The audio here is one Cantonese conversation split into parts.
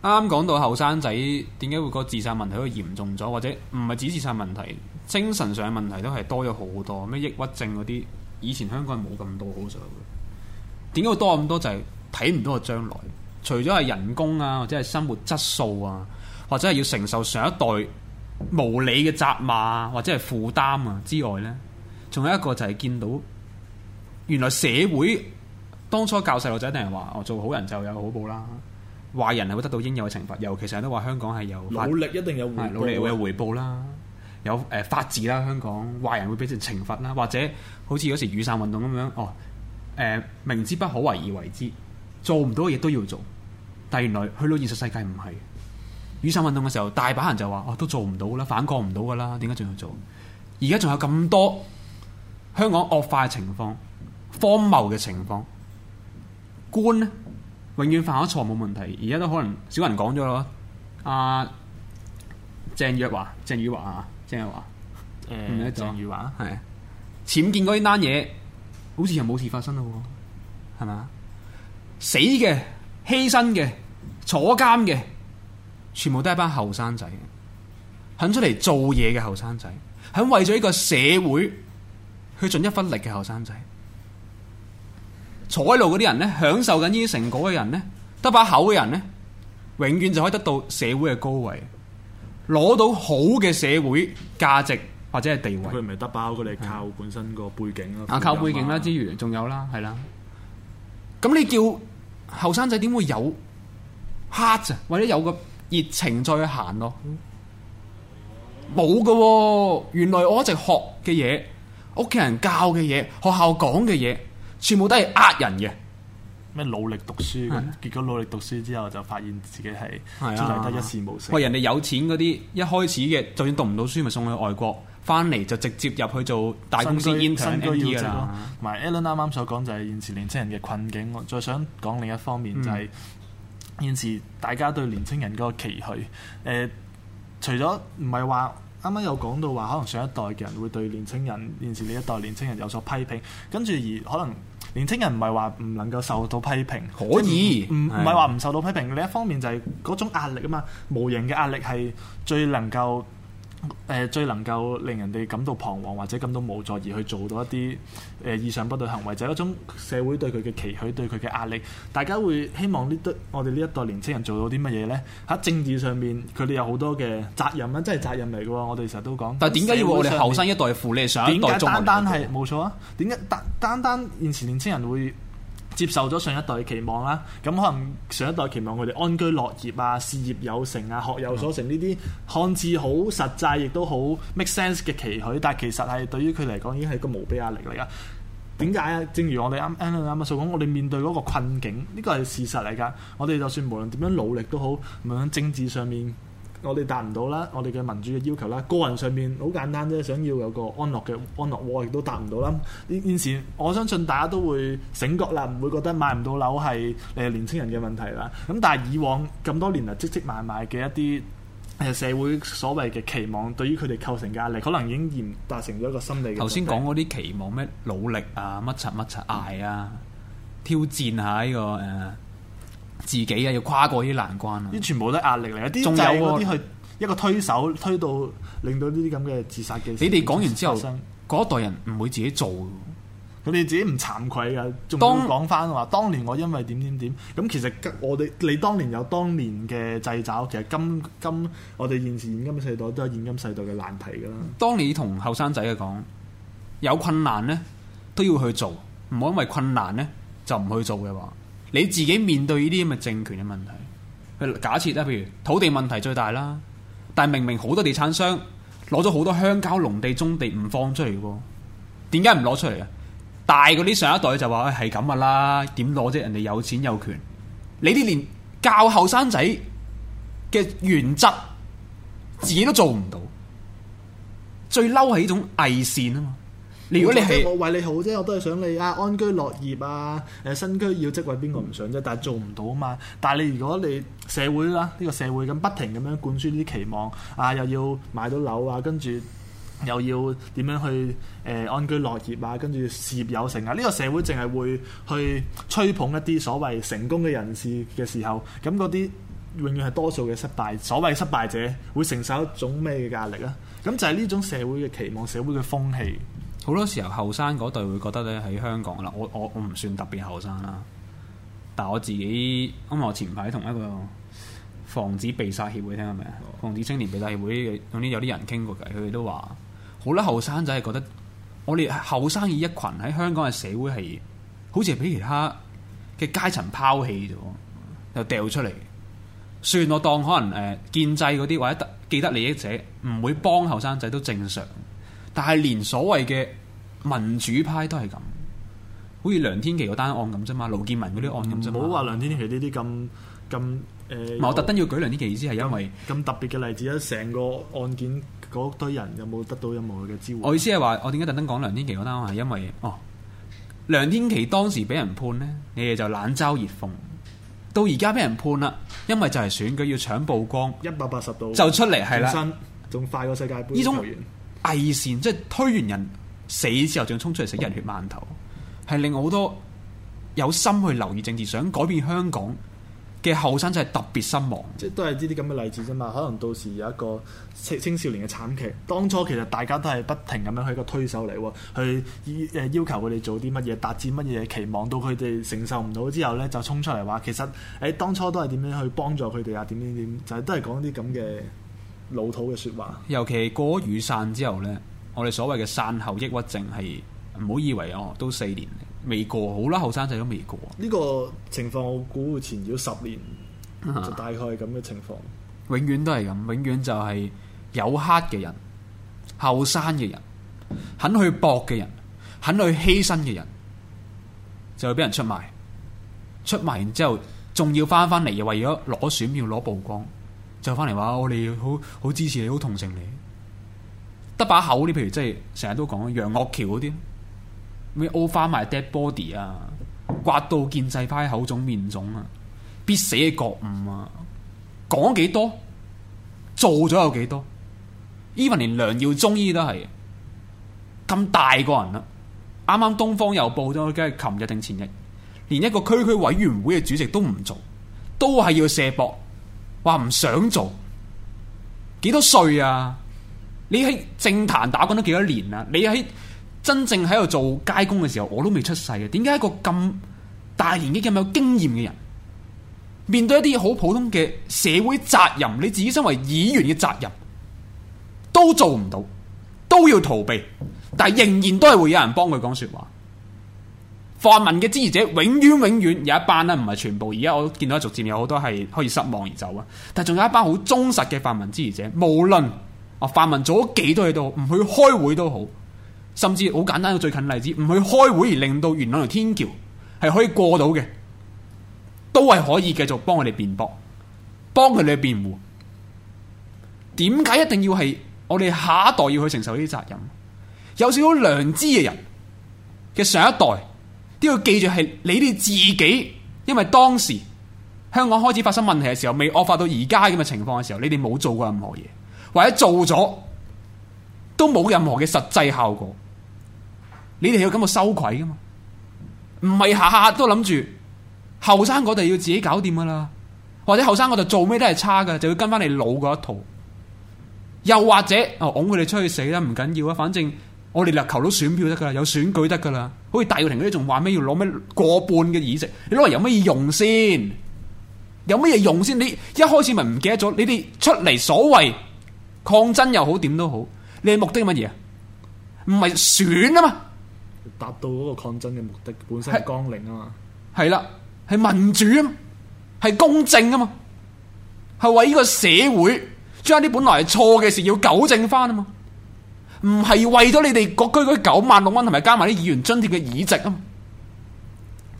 啱啱講到後生仔點解會個自殺問題會嚴重咗，或者唔係指自殺問題，精神上嘅問題都係多咗好多，咩抑鬱症嗰啲，以前香港人冇咁多好嘅。點解會多咁多就係睇唔到個將來，除咗係人工啊，或者係生活質素啊，或者係要承受上一代無理嘅責罵啊，或者係負擔啊之外呢，仲有一個就係見到原來社會當初教細路仔定係話我做好人就有好報啦。壞人係會得到應有嘅懲罰，尤其成日都話香港係有努力，一定有回努力會有回報啦，啊、有誒、呃、法治啦，香港壞人會俾成懲罰啦，或者好似嗰時雨傘運動咁樣，哦、呃、明知不可為而為之，做唔到嘅嘢都要做，但原來去到現實世界唔係雨傘運動嘅時候，大把人就話哦都做唔到啦，反抗唔到噶啦，點解仲要做？而家仲有咁多香港惡化嘅情況、荒謬嘅情況，官咧？永遠犯咗錯冇問題，而家都可能少人講咗咯。阿鄭若驊、鄭若驊啊，鄭若驊，唔係鄭若驊，係僭建嗰單嘢，好似又冇事發生咯，係咪？死嘅、犧牲嘅、坐監嘅，全部都係班後生仔，肯出嚟做嘢嘅後生仔，肯為咗呢個社會去盡一分力嘅後生仔。坐喺度嗰啲人咧，享受緊呢啲成果嘅人咧，得把口嘅人咧，永遠就可以得到社會嘅高位，攞到好嘅社會價值或者係地位。佢唔係得把口，佢哋靠本身個背景咯。的啊，靠背景啦、啊，之餘仲有啦，係啦。咁、嗯、你叫後生仔點會有 heart 啊？或者有個熱情再去行咯、啊？冇嘅喎，原來我一直學嘅嘢，屋企人教嘅嘢，學校講嘅嘢。全部都係呃人嘅，咩努力讀書咁，係，結果努力讀書之後就發現自己係出嚟得一事無成。喂，係，人哋有錢嗰啲，一開始嘅就算讀唔到書，咪送去外國，翻嚟就直接入去做大公司 intern 嘅啦。同埋 Allen 啱啱所講就係現時年青人嘅困境。我再想講另一方面就係、是嗯、現時大家對年青人嗰個期許。誒、呃，除咗唔係話。啱啱有講到話，可能上一代嘅人會對年青人，現時呢一代年青人有所批評，跟住而可能年青人唔係話唔能夠受到批評，可以，唔唔係話唔受到批評。另一方面就係嗰種壓力啊嘛，無形嘅壓力係最能夠。最能夠令人哋感到彷徨或者感到無助而去做到一啲誒意想不到行為，就係一種社會對佢嘅期許、對佢嘅壓力。大家會希望呢堆我哋呢一代年青人做到啲乜嘢呢？喺政治上面佢哋有好多嘅責任啦，真係責任嚟嘅喎。我哋成日都講，但係點解要我哋後生一代負你哋上一代？點解單單係冇錯啊？點解單單單現時年青人會？接受咗上一代嘅期望啦，咁可能上一代期望佢哋安居樂業啊、事業有成啊、學有所成呢啲，看似好實際，亦都好 make sense 嘅期許，但係其實係對於佢嚟講已經係一個無比壓力嚟噶。點解啊？正如我哋啱啱所講，我哋面對嗰個困境，呢個係事實嚟噶。我哋就算無論點樣努力都好，唔係響政治上面。我哋達唔到啦，我哋嘅民主嘅要求啦，個人上面好簡單啫，想要有個安樂嘅安樂窩，亦都達唔到啦。現時我相信大家都會醒覺啦，唔會覺得買唔到樓係誒年輕人嘅問題啦。咁但係以往咁多年嚟積積埋埋嘅一啲社會所謂嘅期望，對於佢哋構成嘅壓力，可能已經完達成咗一個心理。頭先講嗰啲期望咩努力啊，乜柒乜柒捱啊，嗯、挑戰下呢、呢個誒。啊自己啊，要跨過呢啲難關啊！啲全部都壓力嚟，啲仲有，嗰啲去一個推手，推到令到呢啲咁嘅自殺嘅。你哋講完之後，嗰生一代人唔會自己做，佢哋自己唔慚愧噶。當講返話，當年我因為點點點，咁其實我哋你當年有當年嘅掣肘，其實今今我哋現時現今嘅世代都有現今世代嘅難題噶啦。當你同後生仔嘅講，有困難呢都要去做，唔好因為困難呢就唔去做嘅話。你自己面對呢啲咁嘅政權嘅問題，假設咧，譬如土地問題最大啦，但係明明好多地產商攞咗好多鄉郊農地、中地唔放出嚟喎，點解唔攞出嚟啊？大嗰啲上一代就話，係咁啊啦，點攞啫？人哋有錢有權，你啲連教後生仔嘅原則自己都做唔到，最嬲係呢種偽善啊嘛！如果你係我為你好啫，我都係想你啊安居樂業啊。誒，身居要職位、啊，位、嗯，邊個唔想啫？但係做唔到啊嘛。但係你如果你社會啦呢、這個社會咁不停咁樣灌輸呢啲期望啊，又要買到樓啊，跟住又要點樣去誒、呃、安居樂業啊，跟住事業有成啊。呢、這個社會淨係會去吹捧一啲所謂成功嘅人士嘅時候，咁嗰啲永遠係多數嘅失敗，所謂失敗者會承受一種咩嘅壓力啊？咁就係呢種社會嘅期望，社會嘅風氣。好多時候後生嗰隊會覺得咧喺香港啦，我我我唔算特別後生啦，但我自己，因為我前排同一個防止被殺協會聽下未？防止青年被殺協會，總之有啲人傾過偈，佢哋都話，好啦，後生仔係覺得，我哋後生以一群喺香港嘅社會係，好似係俾其他嘅階層拋棄咗，又掉出嚟，算我當可能誒建制嗰啲或者得既得利益者唔會幫後生仔都正常。但係連所謂嘅民主派都係咁，好似梁天琦嗰單案咁啫嘛，盧建民嗰啲案咁啫嘛。唔好話梁天琦呢啲咁咁誒。呃、我特登要舉梁天琦，意思係因為咁特別嘅例子咧，成個案件嗰堆人有冇得到任何嘅支援？我意思係話，我點解特登講梁天琦嗰單案係因為，哦，梁天琦當時俾人判呢，你哋就冷嘲熱諷，到而家俾人判啦，因為就係選舉要搶曝光，一百八十度就出嚟係啦，仲快過世界盃偽善，即係推完人死之後，仲衝出嚟食人血饅頭，係令好多有心去留意政治、想改變香港嘅後生就係特別失望。即係都係呢啲咁嘅例子啫嘛。可能到時有一個青青少年嘅慘劇。當初其實大家都係不停咁樣去個推手嚟，去要求佢哋做啲乜嘢，達至乜嘢，期望到佢哋承受唔到之後呢，就衝出嚟話：，其實誒、欸、當初都係點樣去幫助佢哋啊？點點點，就係、是、都係講啲咁嘅。老土嘅說話，尤其過咗雨傘之後呢，我哋所謂嘅傘後抑鬱症係唔好以為哦，都四年未過好啦，後生仔都未過呢個情況，我估會纏繞十年，啊、就大概係咁嘅情況。永遠都係咁，永遠就係有黑嘅人，後生嘅人，肯去搏嘅人，肯去犧牲嘅人，就會俾人出賣，出賣完之後，仲要翻返嚟，又為咗攞選票，攞曝光。就翻嚟話：我哋好好支持你，好同情你。得把口，你譬如即係成日都講楊岳橋嗰啲，咩 over my dead body 啊，刮到建制派口腫面腫啊，必死嘅覺悟啊！講幾多，做咗有幾多？even 連梁耀忠依都係咁大個人啊。啱啱東方又報咗，梗係琴日定前日，連一個區區委員會嘅主席都唔做，都係要卸膊。話唔想做，幾多歲啊？你喺政壇打滾咗幾多年啦、啊？你喺真正喺度做街工嘅時候，我都未出世嘅、啊。點解一個咁大年紀、咁有經驗嘅人，面對一啲好普通嘅社會責任，你自己身為議員嘅責任，都做唔到，都要逃避，但係仍然都係會有人幫佢講說話。泛民嘅支持者永遠永遠有一班咧，唔係全部。而家我見到逐漸有好多係可以失望而走啊，但仲有一班好忠實嘅泛民支持者，無論啊泛民做咗幾多嘢都好，唔去開會都好，甚至好簡單嘅最近例子，唔去開會而令到元朗天橋係可以過到嘅，都係可以繼續幫我哋辯駁，幫佢哋辯護。點解一定要係我哋下一代要去承受呢啲責任？有少少良知嘅人嘅上一代。都要記住係你哋自己，因為當時香港開始發生問題嘅時候，未惡化到而家咁嘅情況嘅時候，你哋冇做過任何嘢，或者做咗都冇任何嘅實際效果，你哋要噉個羞愧噶嘛？唔係下下都諗住後生嗰代要自己搞掂噶啦，或者後生嗰代做咩都係差㗎，就要跟翻你老嗰一套，又或者哦，拱佢哋出去死啦，唔緊要啊，反正。我哋立球都選票得噶，有選舉得噶啦。好似戴耀廷嗰啲仲話咩要攞咩過半嘅議席，你攞嚟有乜嘢用先？有乜嘢用先？你一開始咪唔記得咗？你哋出嚟所謂抗爭又好，點都好，你嘅目的係乜嘢啊？唔係選啊嘛，達到嗰個抗爭嘅目的本身係綱領啊嘛，係啦，係民主啊，係公正啊嘛，係為呢個社會將啲本來係錯嘅事要糾正翻啊嘛。唔係為咗你哋各區嗰九萬六蚊，同埋加埋啲議員津貼嘅議席，啊，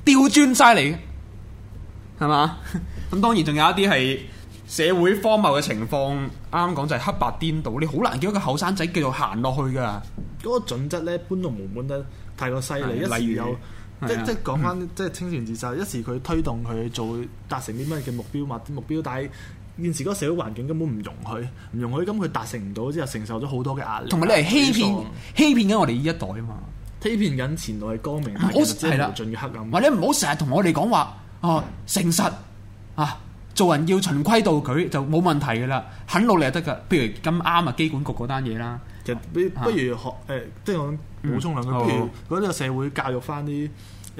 調轉晒嚟，係嘛？咁 當然仲有一啲係社會荒謬嘅情況，啱啱講就係黑白顛倒，你好難叫一個後生仔繼續行落去噶。嗰個準則咧，搬都冇搬得太過犀利。一如有即即講翻即清泉自殺，一時佢推動佢做達成啲咩嘅目標嘛？目標但係。現時嗰個社會環境根本唔容許，唔容許，咁佢達成唔到，之後承受咗好多嘅壓力。同埋你係欺騙，數欺騙緊我哋呢一代啊嘛，欺騙緊前路係光明，係啦，無盡嘅黑暗。或者唔好成日同我哋講話，哦，的誠實啊，做人要循規蹈矩就冇問題噶啦，肯努力就得噶。不如咁啱啊，機管局嗰單嘢啦，就、嗯、不如學誒，即、呃、係、就是、我補充兩句，不、嗯嗯、如嗰個社會教育翻啲。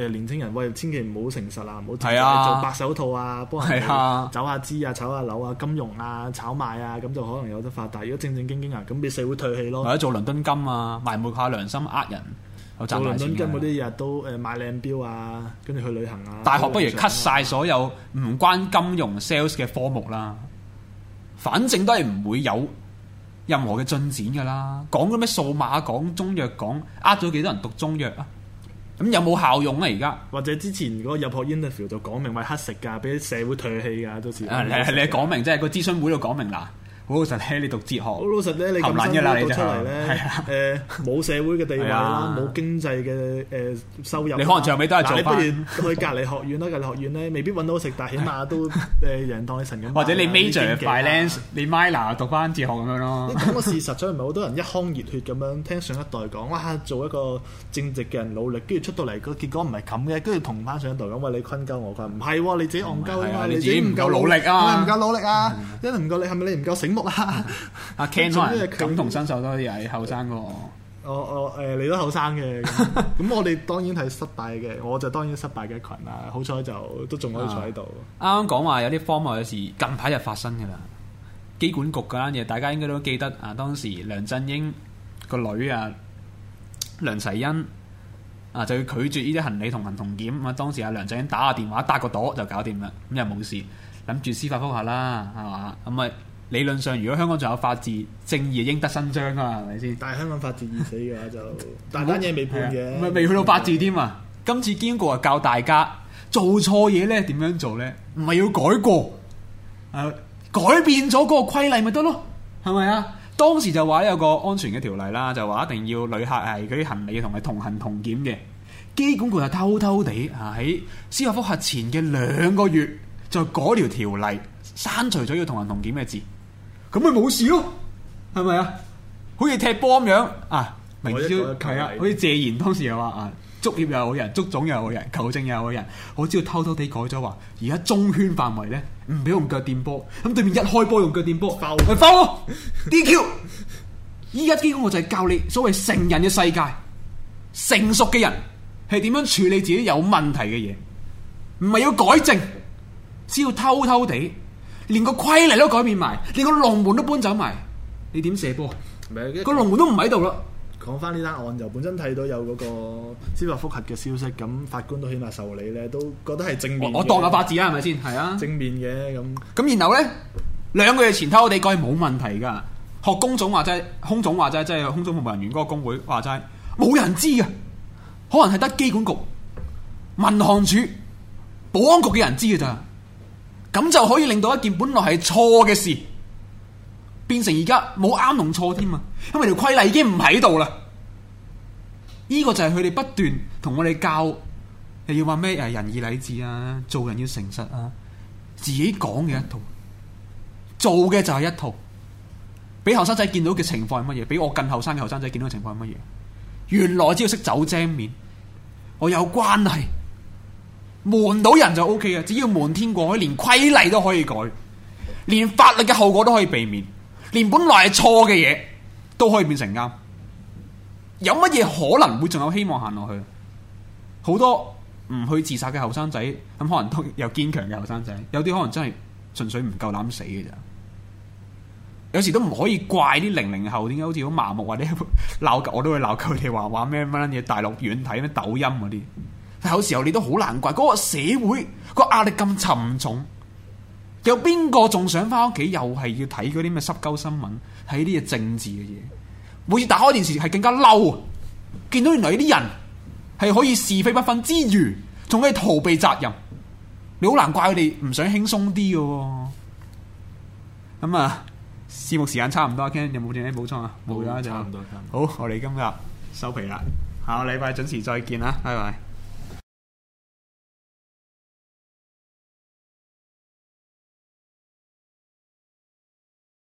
誒年輕人，喂，千祈唔好誠實，誠實啊！唔好做白手套啊，幫人走下資啊、炒下樓啊、金融啊、炒賣啊，咁就可能有得發達。但如果正正經經啊，咁俾社會退氣咯。或者做倫敦金啊，埋沒下良心呃人，啊、做倫敦金嗰啲日都誒買靚表啊，跟住去旅行啊。大學不如 cut 曬所有唔關金融 sales 嘅科目啦，反正都係唔會有任何嘅進展噶啦。講嗰咩數碼、啊，講中藥講，講呃咗幾多人讀中藥啊？咁有冇效用啊？而家或者之前嗰入學 interview 就講明，喂乞食㗎，畀啲社會唾棄㗎，到時、啊。你、啊、你係講明即係、啊、個諮詢會就講明啦。好老實咧，你讀哲學，好老實咧，你咁辛苦讀到出嚟咧，誒冇社會嘅地位啦，冇經濟嘅誒收入。你可能長尾都係做，你不如去隔離學院啦，隔離學院咧未必揾到食，但係起碼都誒人當你神咁。或者你 major finance，你 minor 讀翻哲學咁樣咯。咁個事實就唔係好多人一腔熱血咁樣聽上一代講，哇，做一個正直嘅人努力，跟住出到嚟個結果唔係咁嘅，跟住同翻上一代講，喂，你坤鳩我，唔係喎，你自己戇鳩啊，你自己唔夠努力啊，唔夠努力啊，因為唔夠力係咪你唔夠醒？阿 invece us IP Ken 都係感同身受，多意啲思。係後生個。father . 我我誒，你都後生嘅。咁我哋當然係失敗嘅，我就當然失敗嘅群啦。好彩就都仲可以坐喺度。啱啱講話有啲荒謬嘅事，近排就發生嘅啦。機管局嗰單嘢，大家應該都記得啊。當時梁振英個女啊，梁齊昕啊，就要拒絕呢啲行李同行同檢啊。當時阿梁振英打個電話，搭個朵就搞掂啦。咁又冇事，諗住司法覆核啦，係嘛？咁咪。理論上，如果香港仲有法治，正義應得伸張啊，係咪先？但係香港法治已死嘅話，就 大單嘢未判嘅，唔係未去到八字添啊！今次監控啊，教大家做錯嘢咧點樣做咧？唔係要改過，誒、啊、改變咗嗰個規例咪得咯？係咪啊？當時就話有個安全嘅條例啦，就話一定要旅客係佢啲行李同係同行同檢嘅，機管局就偷偷地喺司法覆核前嘅兩個月，就改條條例刪除咗要同行同檢嘅字。咁咪冇事咯，係咪啊？好似踢波咁樣啊！明超係啊，好似謝賢當時又話啊，足協又有人，足總又有人，球證又有人，我只要偷偷地改咗話，而家中圈範圍咧唔俾用腳掂波，咁對面一開波用腳掂波，係犯咯，DQ。依家基本我就係教你所謂成人嘅世界，成熟嘅人係點樣處理自己有問題嘅嘢，唔係要改正，只要偷偷地。連個規例都改變埋，連個龍門都搬走埋，你點射波？個龍門都唔喺度咯。講翻呢單案就本身睇到有嗰個司法複核嘅消息，咁法官都起碼受理咧，都覺得係正面我。我我度下八字是是啊，係咪先？係啊，正面嘅咁。咁然後咧，兩個月前偷地蓋冇問題噶，學工總話齋，空總話齋，即係空中服務人員嗰個工會話齋，冇人知噶，可能係得機管局、民航處、保安局嘅人知噶咋。咁就可以令到一件本來係錯嘅事，變成而家冇啱同錯添啊！因為條規例已經唔喺度啦。呢、這個就係佢哋不斷同我哋教，又要話咩誒仁義禮智啊，做人要誠實啊，自己講嘅一套，嗯、做嘅就係一套。俾後生仔見到嘅情況係乜嘢？俾我近後生嘅後生仔見到嘅情況係乜嘢？原來只要識走精面，我有關係。瞞到人就 O K 啊，只要瞞天過海，連規例都可以改，連法律嘅後果都可以避免，連本來係錯嘅嘢都可以變成啱，有乜嘢可能會仲有希望行落去？好多唔去自殺嘅後生仔，咁可能都有堅強嘅後生仔，有啲可能真係純粹唔夠膽死嘅咋。有時都唔可以怪啲零零後點解好似好麻木，或者鬧我都會鬧佢哋話，話咩乜嘢大陸遠睇咩抖音嗰啲。有時候你都好難怪，嗰個社會個壓力咁沉重，有邊個仲想翻屋企又係要睇嗰啲咩濕鳩新聞，睇啲嘢、政治嘅嘢，每次打開電視係更加嬲，見到原來啲人係可以是非不分之餘，仲可以逃避責任，你好難怪佢哋唔想輕鬆啲嘅。咁啊，節目時間差唔多，阿 Ken 有冇啲咩補充啊？冇啦，就差唔多。好，我哋今日收皮啦，下個禮拜準時再見啦，拜拜。